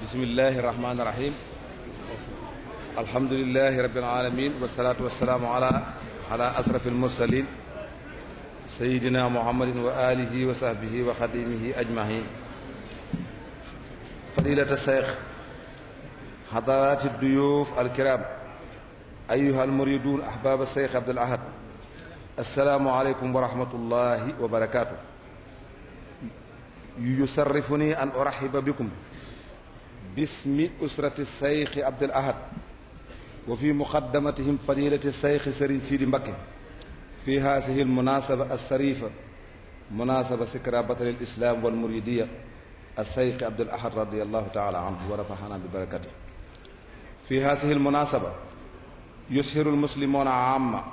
bismillahi rahmaani rahim alhamdulilahi rabbil alamin wasalaatu wasalaamu ala ala asrafil mursalin sayidina muhammadin wa alihi wa sahbihi wa xadimihi ajmahin fadilata seex xadaraati duyuuf alkiram ayuha almuridun ahbaba seex abdul ahad assalaamu aleykum wa rahmatullahi wa barakatuh yusarrifuni an urahiba bikum bismi usrati sayxi Abdul Ahad wa fi muqaddamatihim fadilati sayxi Serigne Sidi Mbakke fi haasihi almunaasaba alsarifa munaasaba sikra batalil islaam wal muridiya alsayxi Abdul Ahad radiallahu taala anhu wa rafaxana bi barakati fi haasihi almunaasaba yushiru almuslimuuna aama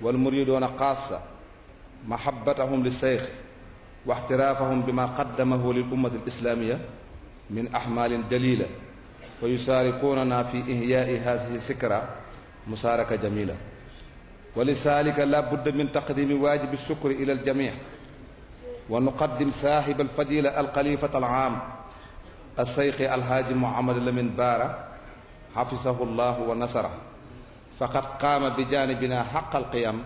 wal muriduuna xaasa mahabbatahum li sayx wa ixtiraafahum bima qaddamahu lil ummati alislaamiya min ahmaalin jalila fa yusaarikunana fi ihyaai haadihi sikra musaaraka jamila wa lisaalika la budda min taqdimi waajibi sukri ila aljamii wa nuqaddim saahiba alfadila alxalifata alaam alseyqi alhaaji mohamad lamin baara xafisahu llahu wa nasara faqad qaama bi janibina xaq alqiyam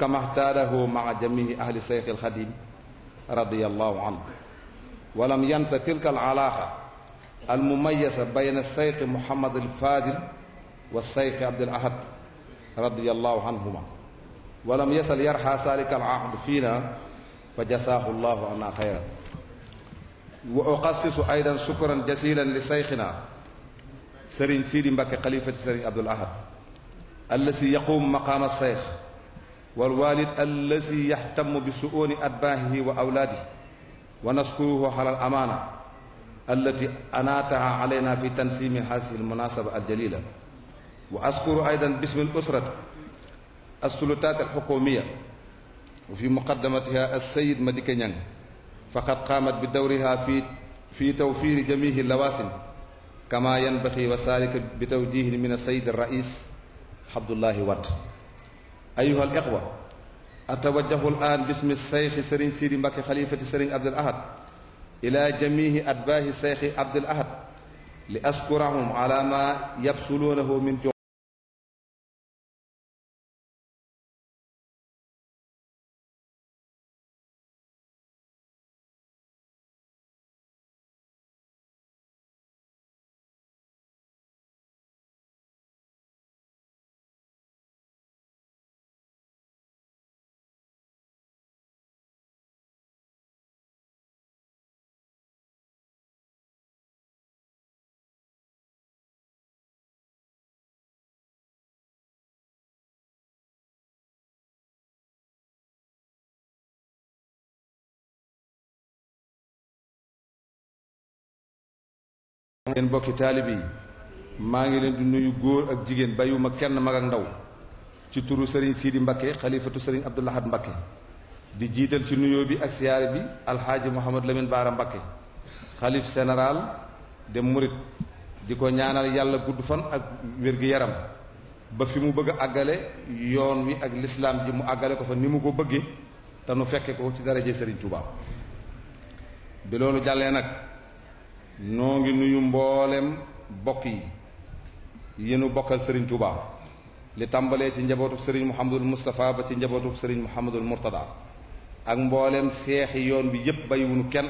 kama htaadahu maa jamihi ahli seyqi alxadim radiallahu anhu walam yansa tilka al alaaqa al mumayasa bayna sayxi muhammad al faadil wa sayxi abdul ahad radiallahu anhuma walam yasal yarxaa saalika al aqd fiina fa jasaahu llahu anna xayra wa uqassisu aydan shukran jasilan li sayxina sëriñ siidi mbakke xalifati sëriñ abdul ahad allazi yaquumu maqaama sayx wal waalid allazi yaxtamu bi su'uuni atbaahihi wa awlaadihi wa nashkuruhu ala al amaana allati anaataha alayna fi tansimi haasihi al munasaba al jalila wa askuru aydan bismi al usrati assulutaat al xukumiya wa fi muqaddamatiha al sayid Madické Niang faqad qaamat bi dawriha fi fi tawfiiri jamihi lawaasim kama yanbaxi wa saalika bi tawjihin min al sayid al rais Abdullahi Wade ayuha al ixwa atawajjahu al aan bismi seyxi sëriñ siidi mbàkke xalifati sëriñ abdul ahad ila jamihi atbaahi seyxi abdul ahad li askurahum ala ma yabsuluunahu min ngeen bokki taalibe yi maa ngi leen di nuyu góor ak jigéen bàyyiwuma kenn mag ndaw ci turu sëriñ Sidi Mbakke xalifatu sëriñ Abdou Lahad Mbakke di jiital ci nuyoo bi ak siyaare bi alxaaji Mouhamad Lamine Baara Mbakke xalif général de Murit di ko ñaanal yàlla gudd fan ak wér yaram ba fi mu bëgg a àggale yoon wi ak lislaam ji mu àggale ko fan ni mu ko bëggee te nu fekke ko ci daraje sëriñ Tuubaa bi loolu jàllee nag noo ngi nuyu mboolem bokk yi yéenu bokkal sëriñ Touba li tàmbalee ci njabootu sëriñ Mouhamadul mustafa ba ci njabootu sëriñ Mouhamadul Mourtada ak mbooleem seexi yoon bi yépp bàyyiwunu kenn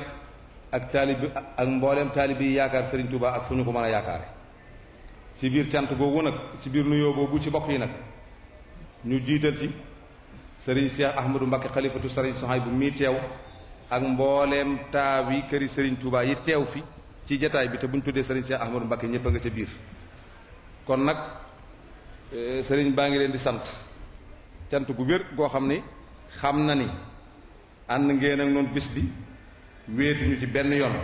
ak taalibi ak mboolem taalibi yi yaakaar sëriñ Touba ak fu ñu ko mën a yaakaare ci biir cant googu nag ci biir nuyoo boobu ci bokk yi nag ñu jiital ci sëriñ Cheikh Ahmadou Mbacké xalifatu sëriñ Sohay bu mii teew ak mboolem mbooleem kër këri sëriñ Touba yi teew fi ci jataay bi te buñ tuddee sëriñ Cheikh Ahmadou Mbacké ñëpp a nga ca biir kon nag eh, sëriñ baa ngi leen di sant cant gu wér goo xam ni xam na ni ànd ngeen ak noonu bis bi wéetuñu ci benn yoon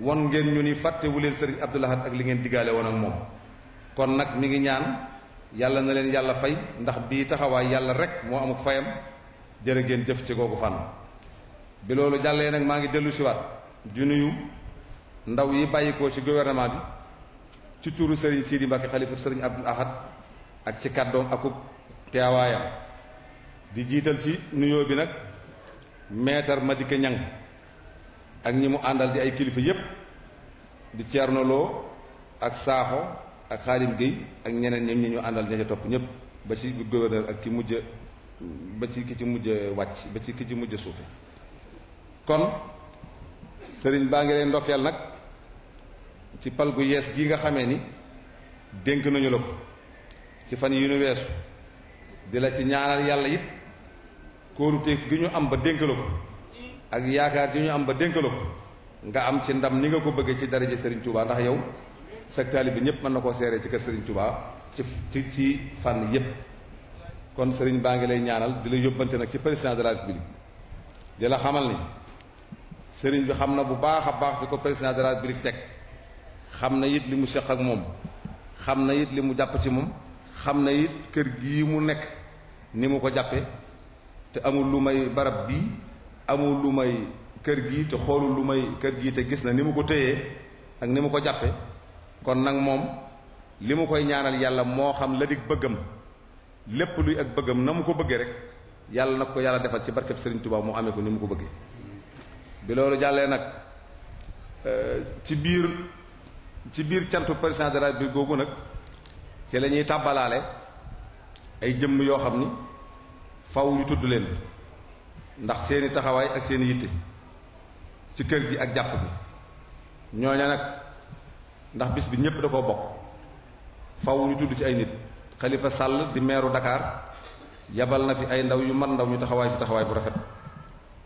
won ngeen ñu ni fàttewu leen sëriñ Abdou ak li ngeen diggaale woon ak moom kon nag mi ngi ñaan yàlla na leen yàlla fay ndax bii taxawaay yàlla rek moo amuk fayam jërë ngeen jëf ci googu fànn bi loolu jàllee nag maa ngi dellu siwaat di ndaw yi bàyyikoo ci gouvernement bi ci turu Serigne Sidi Mbacke xalifa Serigne Abdoul Ahad ak ci kàddoom akub teewaayam di jiital ci nuyoo bi nag maître Madické Niang ak ñi mu àndal di ay kilifa yépp di Thierno Lo ak Sakho ak Xaadim Guèye ak ñeneen ñoom ñi ñu àndal ña ca topp ñépp ba ci gouverneur ak ki mujj ba ci ki ci mujj wàcc ba ci ki ci mujj suufe kon sëriñ baa ngi lay ndokkeel nag ci pal gu yees gi nga xamee ni dénk nañu la ko ci fan yu nu weesu di la ci ñaanal yàlla it kóoruteef gi ñu am ba dénk ko ak yaakaar gi ñu am ba dénk ko nga am ci ndam ni nga ko bëggee ci daraja Serigne Touba ndax yow sag taali bi ñëpp mën na koo seeree ci kër Serigne Touba ci ci ci fànn yépp kon Serigne baa ngi lay ñaanal di la yóbbante nag ci président de la république di la xamal ni Serigne bi xam na bu baax a baax fi ko président de la république teg. xam na it li mu seq ak moom xam na it li mu jàpp ci moom xam na it kër gii mu nekk ni mu ko jàppe te amul lu may barab bii amul lu may kër gii te xoolul lu may kër gii te gis na ni mu ko téyee ak ni mu ko jàppe kon nag moom li mu koy ñaanal yàlla moo xam la dig bëggam lépp luy ak bëggam na mu ko bëggee rek yàlla nag ko yàlla defal ci barkeb Serigne Touba mu amee ko ni mu ko bëggee bi loolu jàllee nag euh, ci biir ci biir cantu président de la googu nag ci lañuy ñuy tàbbalaale ay jëmm yoo xam ni faw ñu tudd leen ndax seeni taxawaay ak seeni yitte ci kër gi ak jàpp bi ñooña nag ndax bis bi ñépp da koo bokk faw ñu tudd ci ay nit Khalifa sàll di meeru ndakaar yabal na fi ay ndaw yu man ndaw ñu taxawaay fi taxawaay bu rafet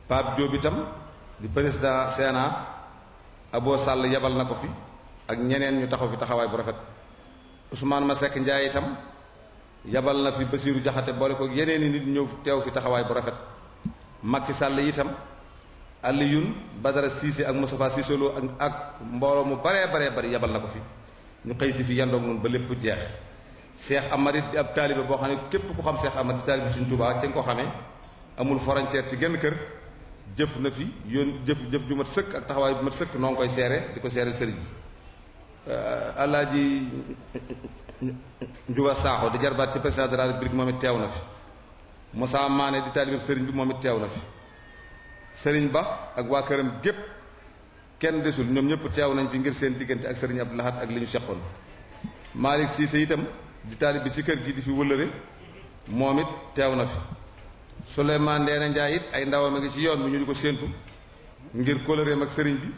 Pape Diop itam di président Sénat Abo sàll yabal na ko fi ak ñeneen ñu taxaw fi taxawaay bu rafet Ousmane Masseck Ndiaye itam yabal na fi Basiiru Jaxate boole ko yeneen i nit ñëw teew fi taxawaay bu rafet Macky Sall itam Alioune Badara Cissé ak Moustapha Cissé Lo ak ak mbooloo mu baree bare bari yabal na ko fi ñu xëy si fi yandoog noonu ba lépp jeex seex Amari di ab taalibe boo xam ne képp ku xam Cheikh Amari di taalibe suñu Tuubaa ci nga ko xamee amul frontière ci genn kër jëf na fi yoon jëf jëf ju mat sëkk ak taxawaay bu mat sëkk noo seere di ko seere sëriñ bi Euh, alaaji Njuba Saaxo di jarbaat ci président de la République moom it teew na fi Moussa Mané di taalibeeb sëriñ bi moom it teew na fi sëriñ Ba ak waa këram gépp kenn desul ñoom ñëpp teew nañ fi ngir seen diggante ak sëriñ Abdou Lahad ak li ñu seqoon Malick Cissé itam di taalib bi ci kër gi di fi wëllëre moom it teew na fi Souleymane Ndeena Ndiaye it ay ndawam a ngi ci yoon bi ñu di ko séentu ngir kóllëreem ak sëriñ bi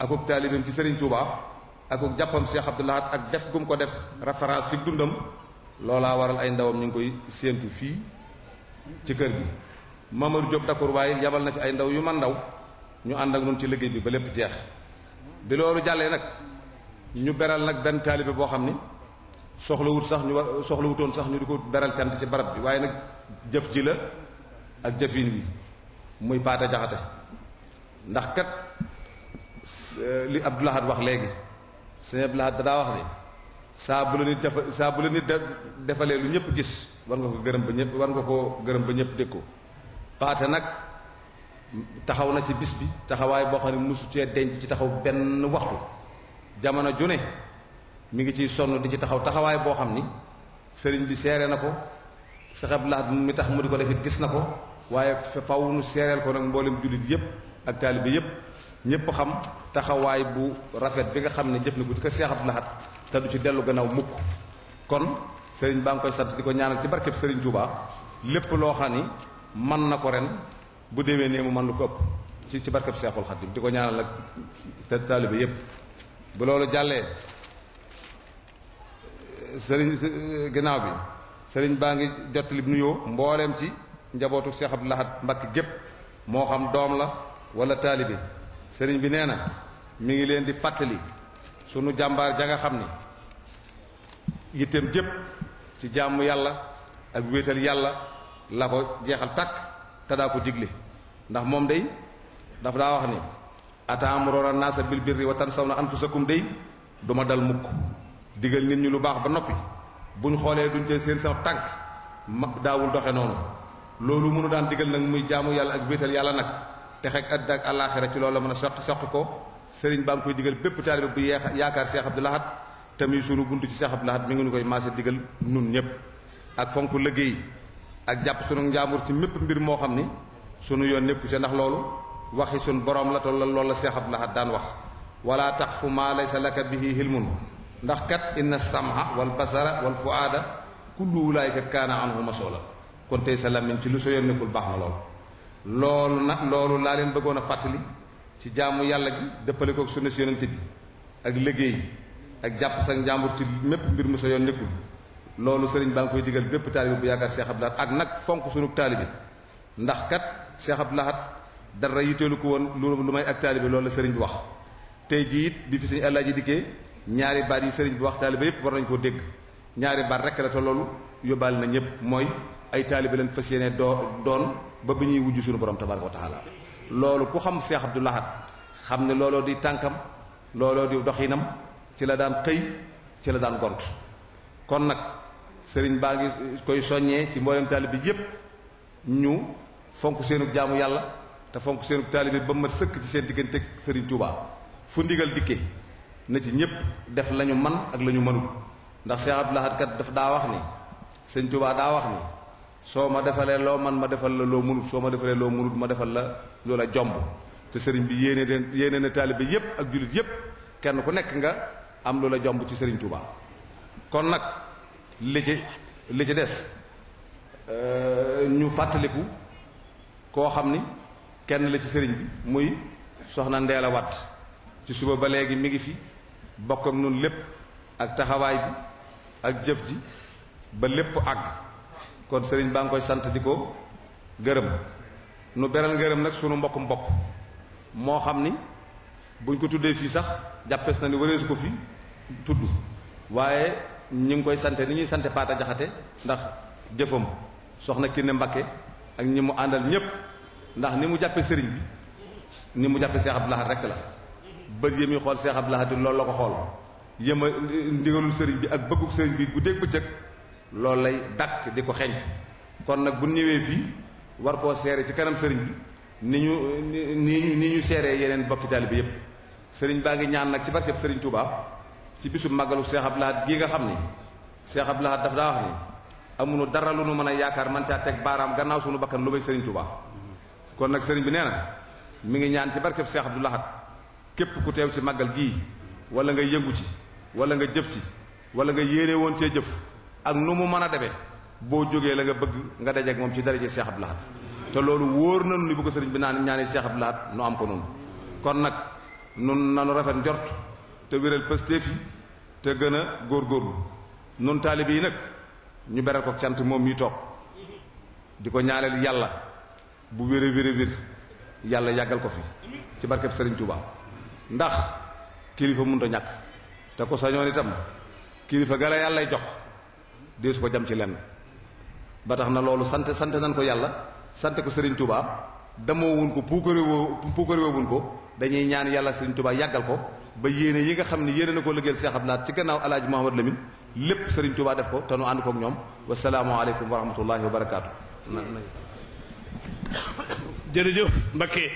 akub taalibeem ci sëriñ Touba. akuk jàppam seex Abdou Lahad ak def gum ko def référence ci dundam loolaa waral ay ndawam ñu ngi koy séentu fii ci kër gi Mamadou Diop Dakour waaye yabal na fi ay ndaw yu man ndaw ñu ànd ak ñun ci liggéey bi ba lépp jeex bi loolu jàllee nag ñu beral nag benn taalibe boo xam ni soxlawut sax ñu war wutoon sax ñu di ko beral cant ci barab bi waaye nag jëf ji la ak jëfin wi muy paate jaxate ndax kat li Abdou wax léegi sëñ Abdou Lahad daa wax ni saa la nit defa saa la nit defalee lu ñëpp gis war nga ko gërëm ba ñëpp war nga ko gërëm ba ñëpp dégg ko paate nag taxaw na ci bis bi taxawaay boo xam ne musu cee denc ci taxaw benn waxtu jamono ju ne mi ngi ciy sonn di ci taxaw taxawaay boo xam ni sëriñ bi seere na ko sëñ Abdou Lahad mi tax mu di ko defit gis na ko waaye faw nu seereel ko nag mboolem jullit yëpp ak taalibe yëpp ñëpp xam taxawaay bu rafet bi nga xam ne jëf na ko ci kër Cheikh te du ci dellu gannaaw mukk kon sëriñ baa ngi koy sant di ko ñaanal ci barkeb sëriñ Touba lépp loo xam ni man na ko ren bu déwee nee mu man lu ko ëpp ci ci barkeb Seexul Xadim di ko ñaanal nag te taalibe yépp bu loolu jàllee sëriñ ginnaaw bi sëriñ baa ngi jottali nuyoo mbooleem ci njabootu Cheikh Abdou Lahad Mbacké gépp moo xam doom la wala taalibe sëriñ bi nee na mu ngi leen di fàttali sunu jàmbaar ja nga xam ni yitteem jëpp ci jàmm yàlla ak wéetal yàlla la ko jeexal tàkk te daa ko digle ndax moom day daf daa wax ni ataamuroona naasa bil birri wa tansawna anfusakum day du ma dal mukk digal nit ñi lu baax ba noppi bu ñu xoolee duñ jël seen sa tànk ma daawul doxe noonu loolu mënu daan digal nag muy jaamu yàlla ak wéetal yàlla nag texe texeeg àddina ak àllaaxira ci loolu la mën a soqi soqi ko sëriñ baa ngi koy digal bépp taalibe bu yeex yaakaar Cheikh Abdou Lahad te muy sunu buntu ci Cheikh Abdou Lahad mi ngi nu koy maase digal nun ñëpp ak fonk liggéey ak jàpp sunu njaambur ci mépp mbir moo xam ni sunu yoon nekku ca ndax loolu waxi sunu boroom la toll lool la seexab Abdou Lahad daan wax wala tax fu maa laysa laka bihi hilmun ndax kat inna samha wal basara wal fuaada kullu ulaayika kaana anhu masoola kon tey sa làmmiñ ci lu sa yoon nekkul baax na lool loolu nag loolu laa leen bëggoon a fàttali ci jaamu yàlla gi dëppale kook sunna si yonent bi ak liggéey ak jàpp sa njàmbur ci mépp mbir mu sa yoon nekkul loolu sëriñ baa ngi koy digal bépp taalibe bu yaakaar Cheikh Abdou Lahad ak nag fonk sunu taalibe ndax kat Cheikh Abdou Lahad dara yiteelu ko woon lu lu may ak taalibe loolu la sëriñ bi wax tey jiit it bi fi suñu àllaaji liggéey ñaari baat yi sëriñ bi wax taalibe yépp war nañ koo dégg ñaari baat rekk loolu yóbbaale na ñëpp mooy ay taalibe leen fas yéene doo doon ba bi ñuy wujj suñu borom tabaraka wa taala loolu ku xam Cheikh du Lahad xam ne looloo di tànkam looloo di doxinam ci la daan xëy ci la daan gont kon nag sëriñ baa ngi koy soññee ci mboolem taalib bi yépp ñu fonk seenu jaamu yàlla te fonk seenu taalib bi ba mat sëkk ci seen diggante ak sëriñ Touba fu ndigal dikkee na ci ñépp def lañu man ak lañu mënul ndax Cheikh Abdou daf daa wax ni sëriñ Touba daa wax ni soo ma defalee loo man ma defal la loo munut soo ma defalee loo munut ma defal la loola jomb te sëriñ bi yéene den yéene na taalibe yépp ak jullit yépp kenn ku nekk nga am loola jomb ci sëriñ Touba kon nag li ci li ci des euh, ñu fàttaliku koo xam ni kenn la ci sëriñ bi muy soxna ndeelawat ci suba ba léegi mi ngi fi bokk ak noonu lépp ak taxawaay bi ak jëf ji ba lépp àgg kon sëriñ baa ngi koy sant di ko gërëm nu beral ngërëm nag sunu mbokk mbokk moo xam ni buñ ko tuddee fii sax jàppees na ni wareesu ko fi tudd waaye ñu ngi koy sante ni ñuy sante paata jaxate ndax jëfam soxna Kiné Mbakke ak ñi mu àndal ñépp ndax ni mu jàppe sëriñ bi ni mu jàppe Seex Abdu Lahat rekk la bët yi muy xool seexab Abdu Lahat loolu la ko xool yëma ndigalul sëriñ bi ak bëgguk sëriñ bi guddeeg bëccëg loolu lay dàkk di ko xencu kon nag bu ñëwee fii war koo seere ci kanam sëriñ bi ni ñu ni ni ñu seeree yeneen bokki taalibe bi yépp sëriñ baa ngi ñaan nag ci barkeb sëriñ Touba ci bisu màggalu seexab Abdul Ahad gi nga xam ni Seex Abdul Ahad daf daa wax ni amuñu dara lu nu mën a yaakaar man caa teg baaraam gannaaw suñu bakkan lu may sëriñ Touba kon nag sëriñ bi nee na mi ngi ñaan ci barkeb Seex Abdul Ahad képp ku teew ci màggal gii wala nga yëngu ci wala nga jëf ci wala nga yéene woon cee jëf ak nu mu mën a demee boo jógee la nga bëgg nga dajeek moom ci daraje Seex Abdu Lahat te loolu wóor nañu ni bu ko sëriñ bi naan ñaani Seex Abdu Lahat nu am ko noonu kon nag nun nanu rafet njort te wéral pëstéef yi te gën a góor góorgóorlu nun taalibe yi nag ñu beral ko sant moom mi toog di ko ñaanal yàlla bu wér a wir yàlla yàggal ko fi ci barkeb sëriñ Tuubaa ndax kilifa mënut ñàkk te ko sañoon itam kilifa gala yàllay jox dee su ko jam ci lenn ba tax na loolu sant sant nañ ko yàlla sant ko sëriñ Touba damoo wuñ ko puukarewoo puukarewoo wuñ ko dañuy ñaan yàlla Serigne Touba yàggal ko ba yéene yi nga xam ne yéene na ko liggéeyal Cheikh Abdou Lahad ci gannaaw alaaj Hadj Mouhamad lépp Serigne Touba def ko te nu ànd koog ñoom wasalaamualeykum wa rahmatullahi wa barakaatu. jërëjëf Mbakke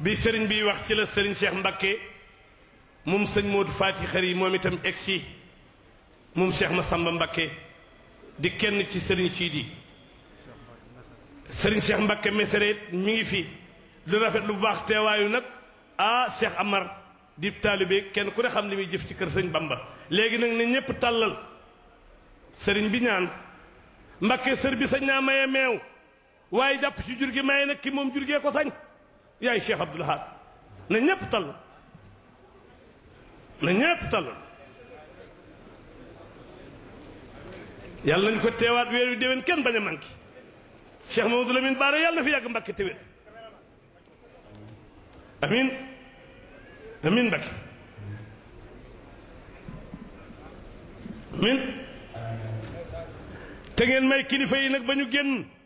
bi sëriñ bi wax ci la Serigne Cheikh Mbakke moom sëñ Modou Fati xar yi moom itam egg si moom Cheikh Massamba Mbakke. di kenn ci sëriñ Sidi sëriñ Cheikh Mbacké Mesere mi ngi fi di rafet lu baax teewaayu nag ah Cheikh Amar di taalibe kenn ku ne xam li jëf ci kër sëñ Bamba léegi nag ne ñépp tàllal sëriñ bi ñaan Mbacké sër bi sañ naa maye meew waaye jàpp ci jur gi maye nag ki moom jur gee ko sañ yaay Cheikh Abdoul Ahad na ñépp tàllal na ñépp tàllal yàlla nañu ko teewaat weer wi kenn bañ a manqué Cheikh Mamadou Lamine Bara yàlla na fi yàgg Mbàkke téwén amin amin Mbàkke amin te ngeen may kilifa yi nag bañu ñu génn